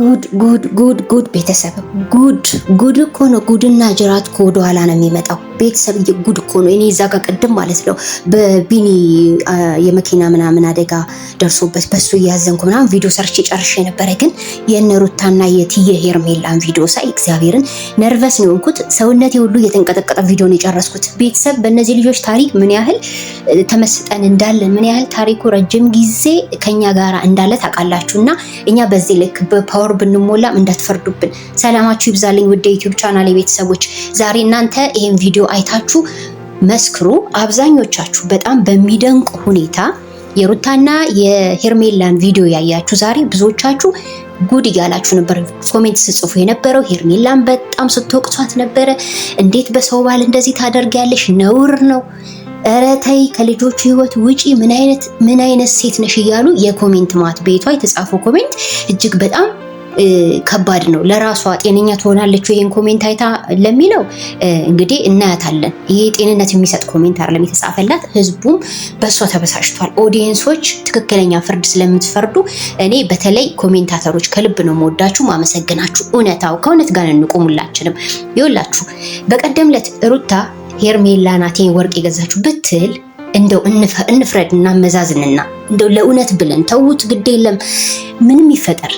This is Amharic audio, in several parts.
ጉድ ጉድ ጉድ ጉድ ቤተሰብ ጉድ ጉድ እኮ ነው። ጉድና ጅራት ከወደ ኋላ ነው የሚመጣው። ቤተሰብ ጉድ እኮ ነው። እኔ እዛ ጋር ቅድም ማለት ነው በቢኒ የመኪና ምናምን አደጋ ደርሶበት በሱ እያዘንኩ ምናምን ቪዲዮ ሰርቼ ጨርሼ ነበረ። ግን የእነ ሩታና የትየ ሄርሜላን ቪዲዮ ሳይ እግዚአብሔርን ነርቨስ ነው የሆንኩት። ሰውነቴ ሁሉ እየተንቀጠቀጠ ነው የጨረስኩት። ቤተሰብ በእነዚህ ልጆች ታሪክ ምን ያህል ተመስጠን እንዳለን ምን ያህል ታሪኩ ረጅም ጊዜ ከኛ ጋር እንዳለ ታውቃላችሁ። እና እኛ በዚህ ልክ ወር ብንሞላም እንዳትፈርዱብን። ሰላማችሁ ይብዛልኝ ውድ የዩቲዩብ ቻናል የቤተሰቦች ዛሬ እናንተ ይህን ቪዲዮ አይታችሁ መስክሩ። አብዛኞቻችሁ በጣም በሚደንቅ ሁኔታ የሩታና የሄርሜላን ቪዲዮ ያያችሁ ዛሬ ብዙዎቻችሁ ጉድ እያላችሁ ነበር ኮሜንት ስጽፉ የነበረው። ሄርሜላን በጣም ስትወቅሷት ነበረ። እንዴት በሰው ባል እንደዚህ ታደርጊያለሽ? ነውር ነው። እረ ተይ ከልጆቹ ህይወት ውጪ። ምን አይነት ምን አይነት ሴት ነሽ እያሉ የኮሜንት ማት ቤቷ የተጻፈው ኮሜንት እጅግ በጣም ከባድ ነው ለራሷ ጤነኛ ትሆናለች ይህን ኮሜንት አይታ ለሚለው እንግዲህ እናያታለን። ይሄ ጤንነት የሚሰጥ ኮሜንት አይደለም የተጻፈላት። ህዝቡም በእሷ ተበሳጭቷል። ኦዲየንሶች ትክክለኛ ፍርድ ስለምትፈርዱ እኔ በተለይ ኮሜንታተሮች ከልብ ነው መወዳችሁ፣ ማመሰግናችሁ። እውነታው ከእውነት ጋር እንቁሙላችንም ይወላችሁ። በቀደም ዕለት ሩታ ሄርሜላ ናቴ ወርቅ የገዛችሁ ብትል እንደው እንፍረድ መዛዝንና እንደው ለእውነት ብለን ተዉት፣ ግድ የለም ምንም ይፈጠር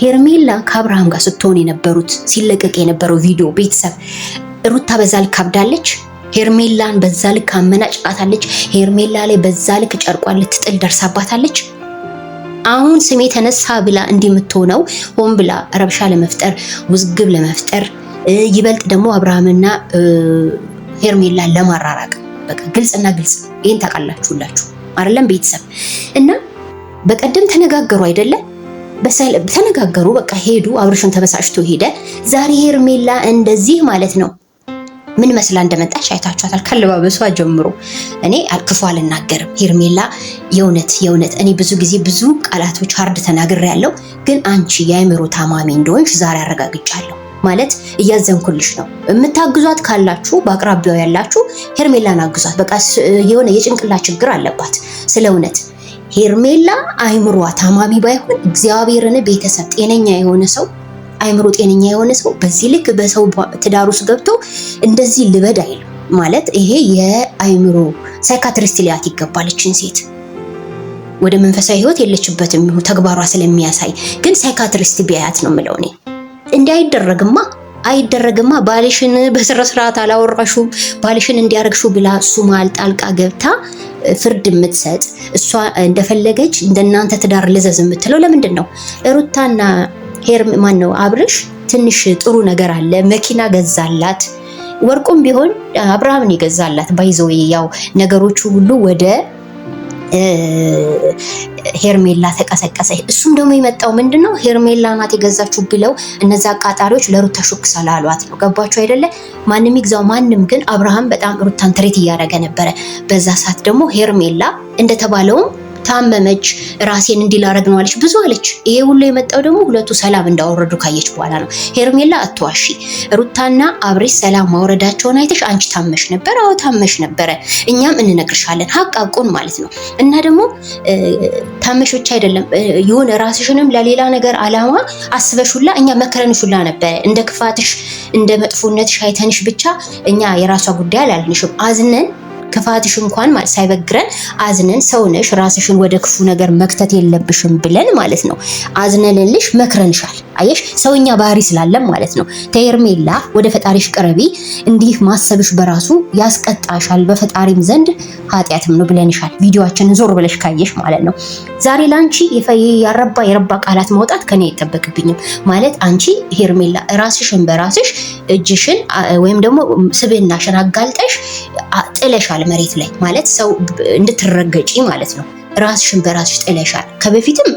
ሄርሜላ ከአብርሃም ጋር ስትሆን የነበሩት ሲለቀቅ የነበረው ቪዲዮ ቤተሰብ ሩታ በዛ ልክ አብዳለች። ሄርሜላን በዛ ልክ አመናጭቃታለች። ሄርሜላ ላይ በዛ ልክ ጨርቋን ልትጥል ደርሳባታለች። አሁን ስሜ ተነሳ ብላ እንዲምትሆነው ሆን ብላ ረብሻ ለመፍጠር ውዝግብ ለመፍጠር ይበልጥ ደግሞ አብርሃምና ሄርሜላን ለማራራቅ በቃ ግልጽና ግልጽ ይህን ታውቃላችሁላችሁ አይደለም ቤተሰብ እና በቀደም ተነጋገሩ አይደለም ተነጋገሩ፣ በቃ ሄዱ። አብርሽም ተበሳጭቶ ሄደ። ዛሬ ሄርሜላ እንደዚህ ማለት ነው ምን መስላ እንደመጣች አይታችኋታል። ከአለባበሷ ጀምሮ እኔ ክፉ አልናገርም። ሄርሜላ የእውነት የእውነት እኔ ብዙ ጊዜ ብዙ ቃላቶች ሀርድ ተናግሬ ያለው ግን አንቺ የአእምሮ ታማሚ እንደሆንሽ ዛሬ አረጋግጫለሁ። ማለት እያዘንኩልሽ ነው። የምታግዟት ካላችሁ በአቅራቢያው ያላችሁ ሄርሜላን አግዟት። በቃ የሆነ የጭንቅላ ችግር አለባት ስለ እውነት ሄርሜላ አይምሯ ታማሚ ባይሆን እግዚአብሔርን ቤተሰብ ጤነኛ የሆነ ሰው አይምሮ ጤነኛ የሆነ ሰው በዚህ ልክ በሰው ትዳር ውስጥ ገብቶ እንደዚህ ልበድ አይል ማለት ይሄ የአይምሮ ሳይካትሪስት ሊያት ይገባለችን ሴት ወደ መንፈሳዊ ህይወት የለችበትም ተግባሯ ስለሚያሳይ ግን ሳይካትሪስት ቢያያት ነው የምለው እኔ። እንዲህ አይደረግማ አይደረግማ ባልሽን በስረ ስርዓት አላወራሹም ባልሽን እንዲያረግሹ ብላ እሱ መሀል ጣልቃ ገብታ ፍርድ የምትሰጥ እሷ እንደፈለገች እንደናንተ ትዳር ልዘዝ የምትለው ለምንድን ነው? ሩታና ሄርም ማን ነው አብርሽ ትንሽ ጥሩ ነገር አለ። መኪና ገዛላት፣ ወርቁም ቢሆን አብርሃምን የገዛላት ባይዘው ያው ነገሮቹ ሁሉ ወደ ሄርሜላ ተቀሰቀሰ። እሱም ደግሞ የመጣው ምንድን ነው ሄርሜላ ናት የገዛችሁ ብለው እነዚ አቃጣሪዎች ለሩታ ሹክ ስላሏት ነው። ገባችሁ አይደለ? ማንም ይግዛው ማንም፣ ግን አብርሃም በጣም ሩታን ትሬት እያደረገ ነበረ። በዛ ሰዓት ደግሞ ሄርሜላ እንደተባለውም ታመመች፣ ራሴን እንዲላረግ ነው አለች፣ ብዙ አለች። ይሄ ሁሉ የመጣው ደግሞ ሁለቱ ሰላም እንዳወረዱ ካየች በኋላ ነው። ሄርሜላ አትዋሺ፣ ሩታና አብሬ ሰላም ማውረዳቸውን አይተሽ አንቺ ታመሽ ነበር። አዎ ታመሽ ነበረ፣ እኛም እንነግርሻለን፣ ሀቅ አቁን ማለት ነው። እና ደግሞ ታመሽ ብቻ አይደለም የሆነ ራስሽንም ለሌላ ነገር አላማ አስበሽውላ እኛ መከረንሽውላ ነበረ። እንደ ክፋትሽ እንደ መጥፎነትሽ አይተንሽ ብቻ እኛ የራሷ ጉዳይ አላልንሽም አዝነን ክፋትሽ እንኳን ማለት ሳይበግረን አዝነን ሰውነሽ ራስሽን ወደ ክፉ ነገር መክተት የለብሽም ብለን ማለት ነው አዝነንልሽ መክረንሻል። አየሽ ሰውኛ ባህሪ ስላለም ማለት ነው። ተየርሜላ ወደ ፈጣሪሽ ቅረቢ። እንዲህ ማሰብሽ በራሱ ያስቀጣሻል፣ በፈጣሪም ዘንድ ኃጢአትም ነው ብለንሻል። ቪዲዮአችንን ዞር ብለሽ ካየሽ ማለት ነው። ዛሬ ላንቺ ያረባ የረባ ቃላት ማውጣት ከኔ አይጠበቅብኝም ማለት አንቺ ሄርሜላ ራስሽን በራስሽ እጅሽን ወይም ደግሞ ስብናሽን አጋልጠሽ ጥለሻል መሬት ላይ ማለት ሰው እንድትረገጪ ማለት ነው። ራስሽን በራስሽ ጥለሻል። ከበፊትም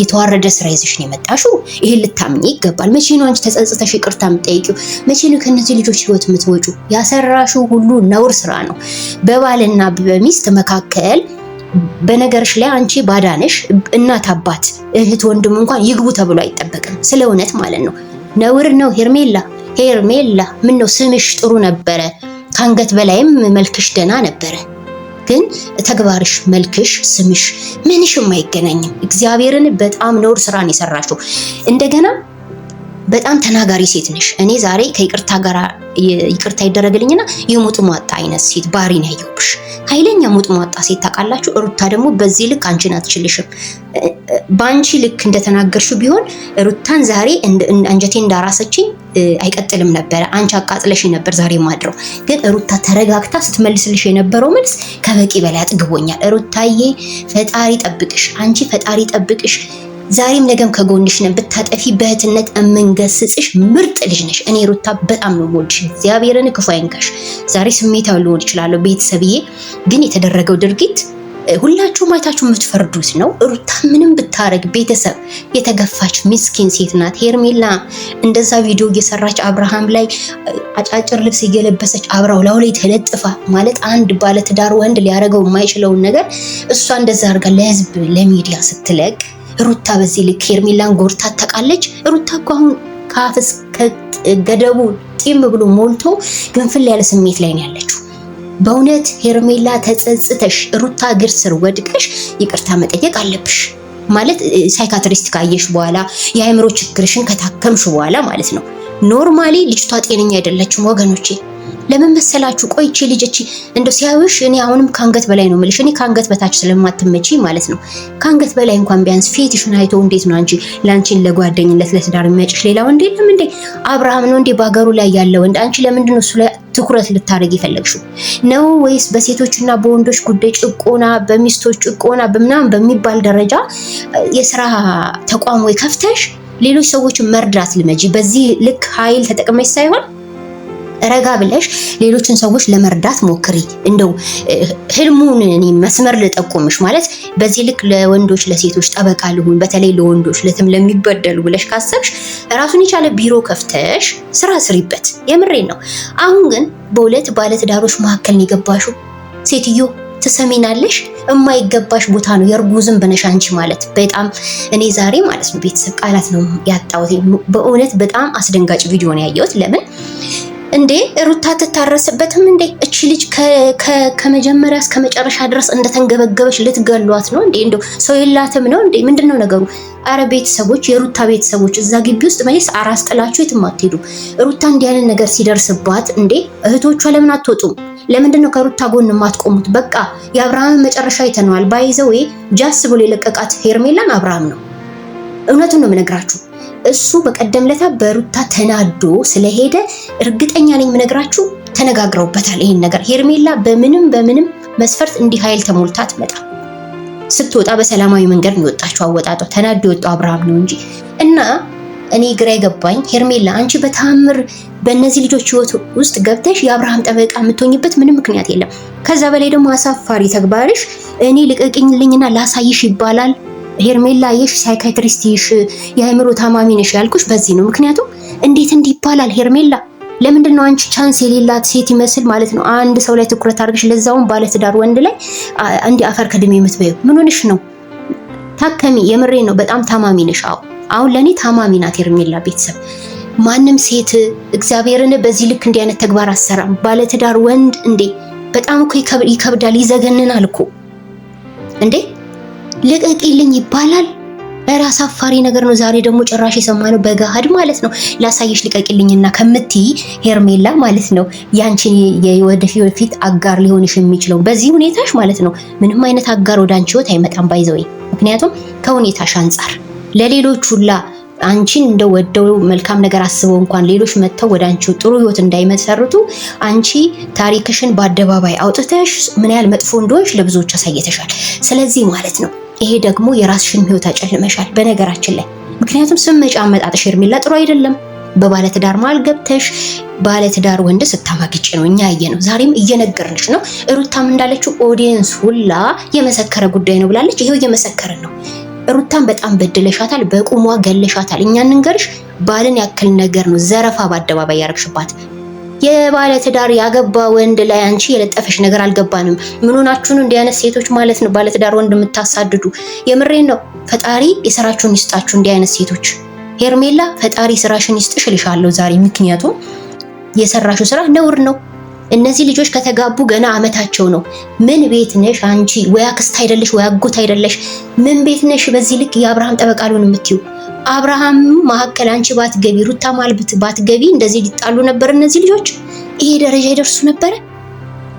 የተዋረደ ስራ ይዘሽ ነው የመጣሽው። ይሄን ልታምኝ ይገባል። መቼ ነው አንቺ ተጸጽተሽ ይቅርታ የምጠይቂው? መቼ ነው ከነዚህ ልጆች ህይወት የምትወጩ? ያሰራሽው ሁሉ ነውር ስራ ነው። በባልና በሚስት መካከል በነገርሽ ላይ አንቺ ባዳነሽ እናት አባት፣ እህት፣ ወንድም እንኳን ይግቡ ተብሎ አይጠበቅም። ስለ እውነት ማለት ነው። ነውር ነው። ሄርሜላ ሄርሜላ፣ ምን ነው ስምሽ ጥሩ ነበረ፣ ከአንገት በላይም መልክሽ ደና ነበረ። ግን ተግባርሽ፣ መልክሽ፣ ስምሽ፣ ምንሽም አይገናኝም። እግዚአብሔርን በጣም ነውር ስራን የሰራችው እንደገና በጣም ተናጋሪ ሴት ነሽ። እኔ ዛሬ ከይቅርታ ጋር ይቅርታ ይደረግልኝና የሙጥሟጣ አይነት ሴት ባህሪ ነው ያየሁብሽ። ኃይለኛ ሟጣ ሴት ታውቃላችሁ። ሩታ ደግሞ በዚህ ልክ አንቺን አትችልሽም። በአንቺ ልክ እንደተናገርሽው ቢሆን ሩታን ዛሬ አንጀቴ እንዳራሰችኝ አይቀጥልም ነበረ። አንቺ አቃጥለሽ ነበር ዛሬ ማድረው። ግን ሩታ ተረጋግታ ስትመልስልሽ የነበረው መልስ ከበቂ በላይ አጥግቦኛል። ሩታዬ ፈጣሪ ጠብቅሽ፣ አንቺ ፈጣሪ ጠብቅሽ። ዛሬም ነገም ከጎንሽ ነን። ብታጠፊ በእህትነት የምንገስጽሽ ምርጥ ልጅ ነሽ። እኔ ሩታ በጣም ነው የምወድሽ። እግዚአብሔርን ክፉ አይንካሽ። ዛሬ ስሜታዊ ልሆን እችላለሁ ቤተሰብዬ፣ ግን የተደረገው ድርጊት ሁላችሁ ማይታችሁ የምትፈርዱት ነው። ሩታ ምንም ብታረግ ቤተሰብ የተገፋች ምስኪን ሴት ናት። ሄርሜላ እንደዛ ቪዲዮ እየሰራች አብርሃም ላይ አጫጭር ልብስ እየለበሰች አብራው ላው ላይ ተለጥፋ ማለት አንድ ባለትዳር ወንድ ሊያደርገው የማይችለውን ነገር እሷ እንደዛ አድርጋ ለህዝብ ለሚዲያ ስትለቅ ሩታ በዚህ ልክ ሄርሜላን ጎርታ ታውቃለች። ሩታ እኮ አሁን ከአፍስ ገደቡ ጢም ብሎ ሞልቶ ግንፍል ያለ ስሜት ላይ ነው ያለችው። በእውነት ሄርሜላ ተጸጽተሽ ሩታ እግር ስር ወድቀሽ ይቅርታ መጠየቅ አለብሽ። ማለት ሳይካትሪስት ካየሽ በኋላ የአእምሮ ችግርሽን ከታከምሽ በኋላ ማለት ነው። ኖርማሊ ልጅቷ ጤነኛ አይደለችም ወገኖቼ። ለምን መሰላችሁ? ቆይቼ ልጅቺ እንደው ሲያዩሽ እኔ አሁንም ከአንገት በላይ ነው የምልሽ። እኔ ከአንገት በታች ስለማትመጪ ማለት ነው። ከአንገት በላይ እንኳን ቢያንስ ፊትሽን አይቶ እንዴት ነው አንቺ ለአንቺን ለጓደኝነት ለትዳር የሚያጭሽ ሌላ ወንድ የለም እንዴ? አብርሃም ነው እንዴ በሀገሩ ላይ ያለ ወንድ? አንቺ ለምንድን ነው እሱ ላይ ትኩረት ልታደርግ የፈለግሽው ነው ወይስ በሴቶችና በወንዶች ጉዳይ ጭቆና፣ በሚስቶች ጭቆና በምናምን በሚባል ደረጃ የስራ ተቋም ወይ ከፍተሽ ሌሎች ሰዎችን መርዳት ልመጂ። በዚህ ልክ ኃይል ተጠቅመሽ ሳይሆን ረጋ ብለሽ ሌሎችን ሰዎች ለመርዳት ሞክሪ። እንደው ህልሙን መስመር ልጠቁምሽ ማለት በዚህ ልክ ለወንዶች ለሴቶች ጠበቃ ልሁን፣ በተለይ ለወንዶች ለትም ለሚበደሉ ብለሽ ካሰብሽ ራሱን የቻለ ቢሮ ከፍተሽ ስራ ስሪበት። የምሬን ነው። አሁን ግን በሁለት ባለትዳሮች መካከል ነው የገባሹ ሴትዮ ትሰሚናለሽ የማይገባሽ ቦታ ነው። የእርጉ ዝም ብነሽ አንቺ ማለት በጣም እኔ ዛሬ ማለት ነው ቤተሰብ ቃላት ነው ያጣሁት። በእውነት በጣም አስደንጋጭ ቪዲዮ ነው ያየሁት። ለምን እንዴ ሩታ ትታረስበትም እንዴ? እቺ ልጅ ከመጀመሪያ እስከ መጨረሻ ድረስ እንደተንገበገበች ልትገሏት ነው እንዴ? እንደው ሰው የላትም ነው እንዴ? ምንድን ነው ነገሩ? አረ ቤተሰቦች፣ የሩታ ቤተሰቦች እዛ ግቢ ውስጥ መቼስ አራስ ጥላችሁ የትም ሩታ እንዲህ አይነት ነገር ሲደርስባት እንዴ እህቶቿ ለምን አትወጡም? ለምንድን ነው ከሩታ ጎን የማትቆሙት? በቃ የአብርሃምን መጨረሻ አይተነዋል። ባይዘዌ ጃስ ብሎ የለቀቃት ሄርሜላን አብርሃም ነው። እውነቱን ነው የምነግራችሁ። እሱ በቀደም ለታ በሩታ ተናዶ ስለሄደ እርግጠኛ ነኝ የምነግራችሁ ተነጋግረውበታል ይህን ነገር። ሄርሜላ በምንም በምንም መስፈርት እንዲህ ኃይል ተሞልታ አትመጣ። ስትወጣ በሰላማዊ መንገድ ነው የወጣችው። አወጣጧ ተናዶ የወጣው አብርሃም ነው እንጂ እና እኔ ግራ የገባኝ ሄርሜላ፣ አንቺ በተአምር በእነዚህ ልጆች ህይወት ውስጥ ገብተሽ የአብርሃም ጠበቃ የምትሆኝበት ምንም ምክንያት የለም። ከዛ በላይ ደግሞ አሳፋሪ ተግባርሽ እኔ ልቀቅኝልኝና ላሳይሽ ይባላል ሄርሜላ የሽ ሳይካትሪስት ይሽ የአእምሮ ታማሚ ነሽ ያልኩሽ በዚህ ነው። ምክንያቱም እንዴት እንዲህ ይባላል? ሄርሜላ ለምንድን ነው አንቺ ቻንስ የሌላት ሴት ይመስል ማለት ነው አንድ ሰው ላይ ትኩረት አድርገሽ ለዛውን ባለትዳር ወንድ ላይ እንዲህ አፈር ከድሜ የምትበይው ምን ሆነሽ ነው? ታከሚ። የምሬ ነው። በጣም ታማሚ ነሽ። አዎ አሁን ለእኔ ታማሚ ናት ሄርሜላ። ቤተሰብ ማንም ሴት እግዚአብሔርን በዚህ ልክ እንዲህ አይነት ተግባር አሰራም። ባለትዳር ወንድ እንዴ በጣም እኮ ይከብዳል፣ ይዘገንናል እኮ እንዴ ልቀቂልኝ ይባላል። እራስ አፋሪ ነገር ነው። ዛሬ ደግሞ ጭራሽ የሰማነው በገሃድ ማለት ነው። ላሳየሽ ልቀቂልኝና ከምትይ ሄርሜላ ማለት ነው ያንቺን የወደፊት አጋር ሊሆንሽ የሚችለው በዚህ ሁኔታሽ ማለት ነው። ምንም አይነት አጋር ወደ አንቺ ህይወት አይመጣም። ባይዘወይ ምክንያቱም ከሁኔታሽ አንጻር ለሌሎች ሁላ አንቺን እንደወደው ወደው መልካም ነገር አስበው እንኳን ሌሎች መጥተው ወደ አንቺ ጥሩ ህይወት እንዳይመሰርቱ አንቺ ታሪክሽን በአደባባይ አውጥተሽ ምን ያህል መጥፎ እንደሆንሽ ለብዙዎች አሳይተሻል። ስለዚህ ማለት ነው ይሄ ደግሞ የራስሽን ህይወት አጨልመሻል። በነገራችን ላይ ምክንያቱም ስመጪ አመጣጥሽ ሄርሜላ ጥሩ አይደለም። በባለትዳር መሀል ገብተሽ ባለትዳር ወንድ ስታማግጭ ነው እኛ ያየ ነው። ዛሬም እየነገርንሽ ነው። ሩታም እንዳለችው ኦዲየንስ ሁላ የመሰከረ ጉዳይ ነው ብላለች። ይሄው እየመሰከርን ነው። ሩታን በጣም በድለሻታል። በቁሟ ገለሻታል። እኛ እንንገርሽ ባልን ያክል ነገር ነው ዘረፋ በአደባባይ ያረግሽባት። የባለ ትዳር ያገባ ወንድ ላይ አንቺ የለጠፈሽ ነገር አልገባንም። ምን ሆናችሁን? እንዲህ አይነት ሴቶች ማለት ነው ባለ ትዳር ወንድ የምታሳድዱ። የምሬን ነው። ፈጣሪ የስራችሁን ይስጣችሁ፣ እንዲህ አይነት ሴቶች። ሄርሜላ ፈጣሪ ስራሽን ይስጥሽ እልሻለሁ ዛሬ። ምክንያቱም የሰራሽው ስራ ነውር ነው። እነዚህ ልጆች ከተጋቡ ገና አመታቸው ነው። ምን ቤት ነሽ አንቺ? ወይ አክስት አይደለሽ ወይ አጎት አይደለሽ? ምን ቤት ነሽ? በዚህ ልክ የአብርሃም ጠበቃ ልሆን የምትዩ? አብርሃም መካከል አንቺ ባትገቢ፣ ሩታ ማልብት ባትገቢ እንደዚህ ሊጣሉ ነበር እነዚህ ልጆች? ይሄ ደረጃ ይደርሱ ነበረ?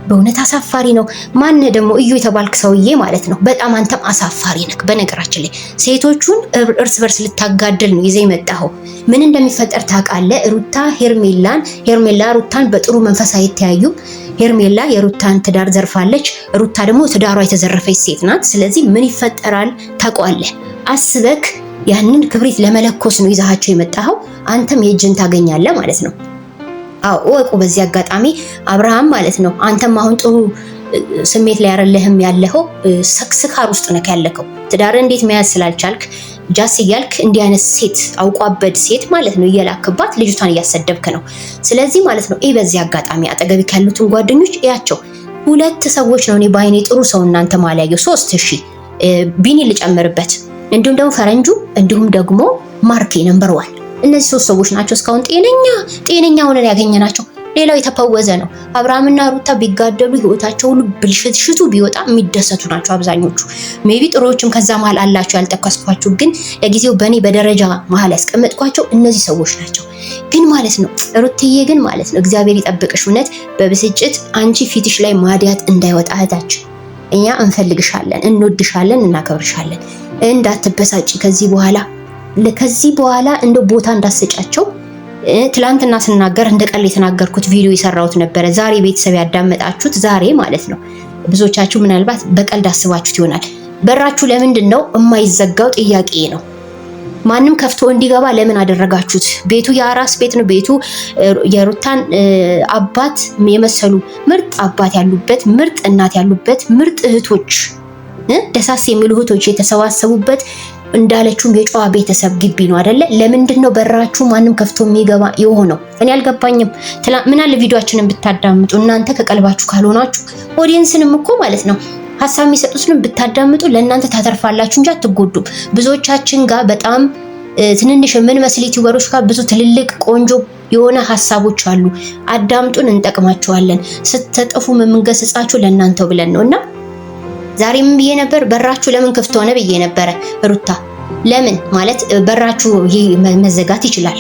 በእውነት አሳፋሪ ነው። ማን ደግሞ እዩ የተባልክ ሰውዬ ማለት ነው። በጣም አንተም አሳፋሪ ነክ። በነገራችን ላይ ሴቶቹን እርስ በርስ ልታጋደል ነው ይዘህ የመጣኸው። ምን እንደሚፈጠር ታውቃለህ? ሩታ ሄርሜላን፣ ሄርሜላ ሩታን በጥሩ መንፈስ አይተያዩ። ሄርሜላ የሩታን ትዳር ዘርፋለች። ሩታ ደግሞ ትዳሯ የተዘረፈች ሴት ናት። ስለዚህ ምን ይፈጠራል ታውቃለህ? አስበክ ያንን ክብሪት ለመለኮስ ነው ይዛሃቸው የመጣኸው። አንተም የእጅን ታገኛለህ ማለት ነው። አዎ እወቁ። በዚህ አጋጣሚ አብርሃም ማለት ነው አንተም አሁን ጥሩ ስሜት ላይ ያረለህም ያለኸው ስካር ውስጥ ነህ ያለከው። ትዳር እንዴት መያዝ ስላልቻልክ ጃስ እያልክ እንዲህ አይነት ሴት አውቋበድ ሴት ማለት ነው እየላክባት ልጅቷን እያሰደብክ ነው። ስለዚህ ማለት ነው ይህ በዚህ አጋጣሚ አጠገቢ ካሉትን ጓደኞች እያቸው። ሁለት ሰዎች ነው እኔ በአይኔ ጥሩ ሰው እናንተ ማለያየው ሶስት እሺ ቢኒ ልጨምርበት፣ እንዲሁም ደግሞ ፈረንጁ እንዲሁም ደግሞ ማርኬ ነምበር ዋን እነዚህ ሶስት ሰዎች ናቸው እስካሁን ጤነኛ ጤነኛ ሆነን ናቸው። ሌላው የተፈወዘ ነው። አብርሃምና ሩታ ቢጋደሉ ህይወታቸው ሁሉ ብልሽትሽቱ ቢወጣ የሚደሰቱ ናቸው አብዛኞቹ። ሜቢ ጥሩዎችም ከዛ መሀል አላቸው ያልጠቀስኳቸው፣ ግን ለጊዜው በእኔ በደረጃ መሀል ያስቀመጥኳቸው እነዚህ ሰዎች ናቸው። ግን ማለት ነው ሩትዬ፣ ግን ማለት ነው እግዚአብሔር ይጠብቅሽ። እውነት በብስጭት አንቺ ፊትሽ ላይ ማዲያት እንዳይወጣ እህታችን፣ እኛ እንፈልግሻለን፣ እንወድሻለን፣ እናከብርሻለን። እንዳትበሳጭ ከዚህ በኋላ ከዚህ በኋላ እንደ ቦታ እንዳሰጫቸው ትላንትና ስናገር እንደ ቀል የተናገርኩት ቪዲዮ የሰራሁት ነበረ። ዛሬ ቤተሰብ ያዳመጣችሁት ዛሬ ማለት ነው። ብዙዎቻችሁ ምናልባት በቀልድ አስባችሁት ይሆናል። በራችሁ ለምንድን ነው የማይዘጋው? ጥያቄ ነው። ማንም ከፍቶ እንዲገባ ለምን አደረጋችሁት? ቤቱ የአራስ ቤት ነው። ቤቱ የሩታን አባት የመሰሉ ምርጥ አባት ያሉበት፣ ምርጥ እናት ያሉበት፣ ምርጥ እህቶች፣ ደሳስ የሚሉ እህቶች የተሰባሰቡበት እንዳለችውም የጨዋ ቤተሰብ ግቢ ነው አይደለ? ለምንድን ነው በራችሁ ማንም ከፍቶ የሚገባ የሆነው? እኔ አልገባኝም። ምን አለ ቪዲዮአችንን ብታዳምጡ እናንተ ከቀልባችሁ ካልሆናችሁ፣ ኦዲየንስንም እኮ ማለት ነው ሀሳብ የሚሰጡትንም ብታዳምጡ ለእናንተ ታተርፋላችሁ እንጂ አትጎዱም። ብዙዎቻችን ጋር በጣም ትንንሽ መስል ዩቲዩበሮች ጋር ብዙ ትልልቅ ቆንጆ የሆነ ሀሳቦች አሉ። አዳምጡን፣ እንጠቅማቸዋለን። ስትጠፉ የምንገስጻችሁ ለእናንተው ብለን ነው እና ዛሬም ብዬ ነበር በራችሁ ለምን ክፍት ሆነ ብዬ ነበረ። ሩታ ለምን ማለት በራችሁ መዘጋት ይችላል።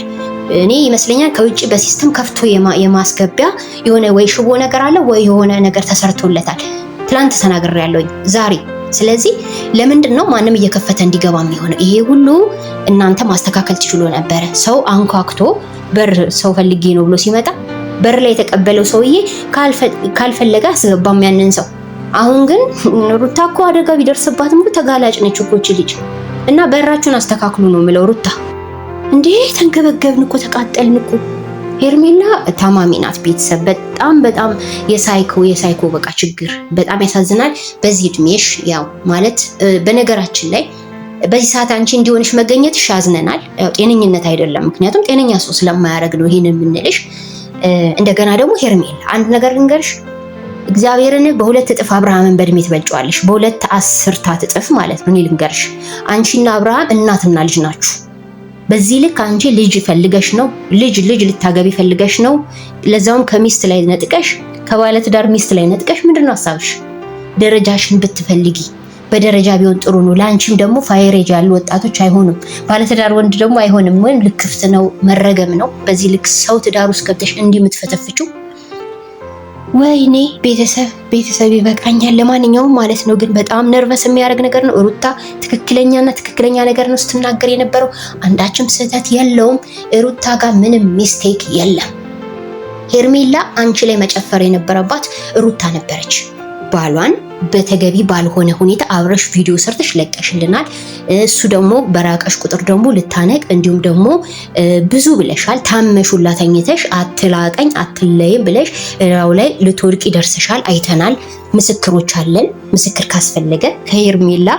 እኔ ይመስለኛል ከውጭ በሲስተም ከፍቶ የማስገቢያ የሆነ ወይ ሽቦ ነገር አለ ወይ የሆነ ነገር ተሰርቶለታል። ትላንት ተናግሬ ያለውኝ ዛሬ። ስለዚህ ለምንድን ነው ማንም እየከፈተ እንዲገባ የሚሆነው? ይሄ ሁሉ እናንተ ማስተካከል ትችሉ ነበረ። ሰው አንኳክቶ በር ሰው ፈልጌ ነው ብሎ ሲመጣ በር ላይ የተቀበለው ሰውዬ ካልፈለገ አስገባም ያንን ሰው አሁን ግን ሩታ እኮ አደጋ ቢደርስባትም ተጋላጭ ነች እኮ እች ልጅ እና በራችሁን አስተካክሉ ነው የምለው። ሩታ እንዴ ተንገበገብን እኮ ተቃጠልን እኮ። ሄርሜላ ታማሚ ናት። ቤተሰብ በጣም በጣም የሳይኮ የሳይኮ በቃ ችግር በጣም ያሳዝናል። በዚህ እድሜሽ ያው ማለት በነገራችን ላይ በዚህ ሰዓት አንቺ እንዲሆንሽ መገኘትሽ ያዝነናል። ያው ጤነኝነት አይደለም፣ ምክንያቱም ጤነኛ ሰው ስለማያደርግ ነው ይሄን የምንልሽ። እንደገና ደግሞ ሄርሜላ አንድ ነገር ልንገርሽ እግዚአብሔርን በሁለት እጥፍ አብርሃምን በእድሜ ትበልጫዋለሽ፣ በሁለት አስርታት እጥፍ ማለት ነው። እኔ ልንገርሽ፣ አንቺና አብርሃም እናትና ልጅ ናችሁ። በዚህ ልክ አንቺ ልጅ ፈልገሽ ነው ልጅ ልጅ ልታገቢ ፈልገሽ ነው፣ ለዛውም ከሚስት ላይ ነጥቀሽ፣ ከባለትዳር ሚስት ላይ ነጥቀሽ። ምንድን ነው ሀሳብሽ? ደረጃሽን ብትፈልጊ በደረጃ ቢሆን ጥሩ ነው። ለአንቺም ደግሞ ፋይሬጅ ያሉ ወጣቶች አይሆኑም። ባለትዳር ወንድ ደግሞ አይሆንም። ወይም ልክፍት ነው መረገም ነው። በዚህ ልክ ሰው ትዳር ውስጥ ገብተሽ እንዲህ የምትፈተፍችው ወይኔ ቤተሰብ ቤተሰብ ይበቃኛል። ለማንኛውም ማለት ነው ግን በጣም ነርቨስ የሚያደርግ ነገር ነው። ሩታ ትክክለኛና ትክክለኛ ነገር ነው ስትናገር የነበረው አንዳችም ስህተት የለውም። ሩታ ጋር ምንም ሚስቴክ የለም። ሄርሜላ አንቺ ላይ መጨፈር የነበረባት ሩታ ነበረች። ባሏን በተገቢ ባልሆነ ሁኔታ አብረሽ ቪዲዮ ሰርተሽ ለቀሽልናል። እሱ ደግሞ በራቀሽ ቁጥር ደግሞ ልታነቅ እንዲሁም ደግሞ ብዙ ብለሻል። ታመሹላ ተኝተሽ አትላቀኝ አትለይም ብለሽ እራው ላይ ልትወድቅ ይደርስሻል። አይተናል፣ ምስክሮች አለን። ምስክር ካስፈለገ ከሄርሜላ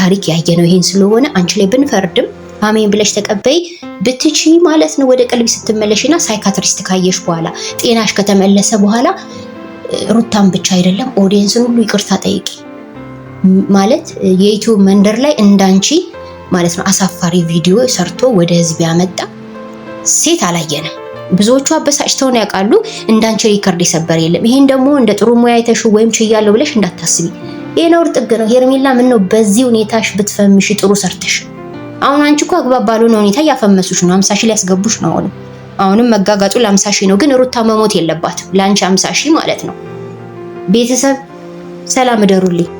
ታሪክ ያየ ነው ይሄን ስለሆነ አንቺ ላይ ብንፈርድም አሜን ብለሽ ተቀበይ ብትቺ ማለት ነው። ወደ ቀልቢ ስትመለሽና ሳይካትሪስት ካየሽ በኋላ ጤናሽ ከተመለሰ በኋላ ሩታን ብቻ አይደለም ኦዲየንስን ሁሉ ይቅርታ ጠይቂ ማለት የዩቲዩብ መንደር ላይ እንዳንቺ ማለት ነው አሳፋሪ ቪዲዮ ሰርቶ ወደ ህዝብ ያመጣ ሴት አላየንም። ብዙዎቹ አበሳጭተውን ያውቃሉ። እንዳንቺ ሪከርድ የሰበር የለም። ይሄን ደግሞ እንደ ጥሩ ሙያ አይተሽ ወይም ችያለሁ ብለሽ እንዳታስቢ። ይሄ ነውር ጥግ ነው። ሄርሜላ ምን ነው በዚህ ሁኔታሽ ብትፈምሽ ጥሩ ሰርተሽ። አሁን አንቺ እኮ አግባብ ባልሆነ ሁኔታ እያፈመሱሽ ነው። 50 ሺህ ሊያስገቡሽ ነው አሁንም አሁንም መጋጋጡ ለአምሳ ሺህ ነው። ግን ሩታ መሞት የለባትም። ለአንቺ አምሳ ሺህ ማለት ነው። ቤተሰብ ሰላም እደሩልኝ።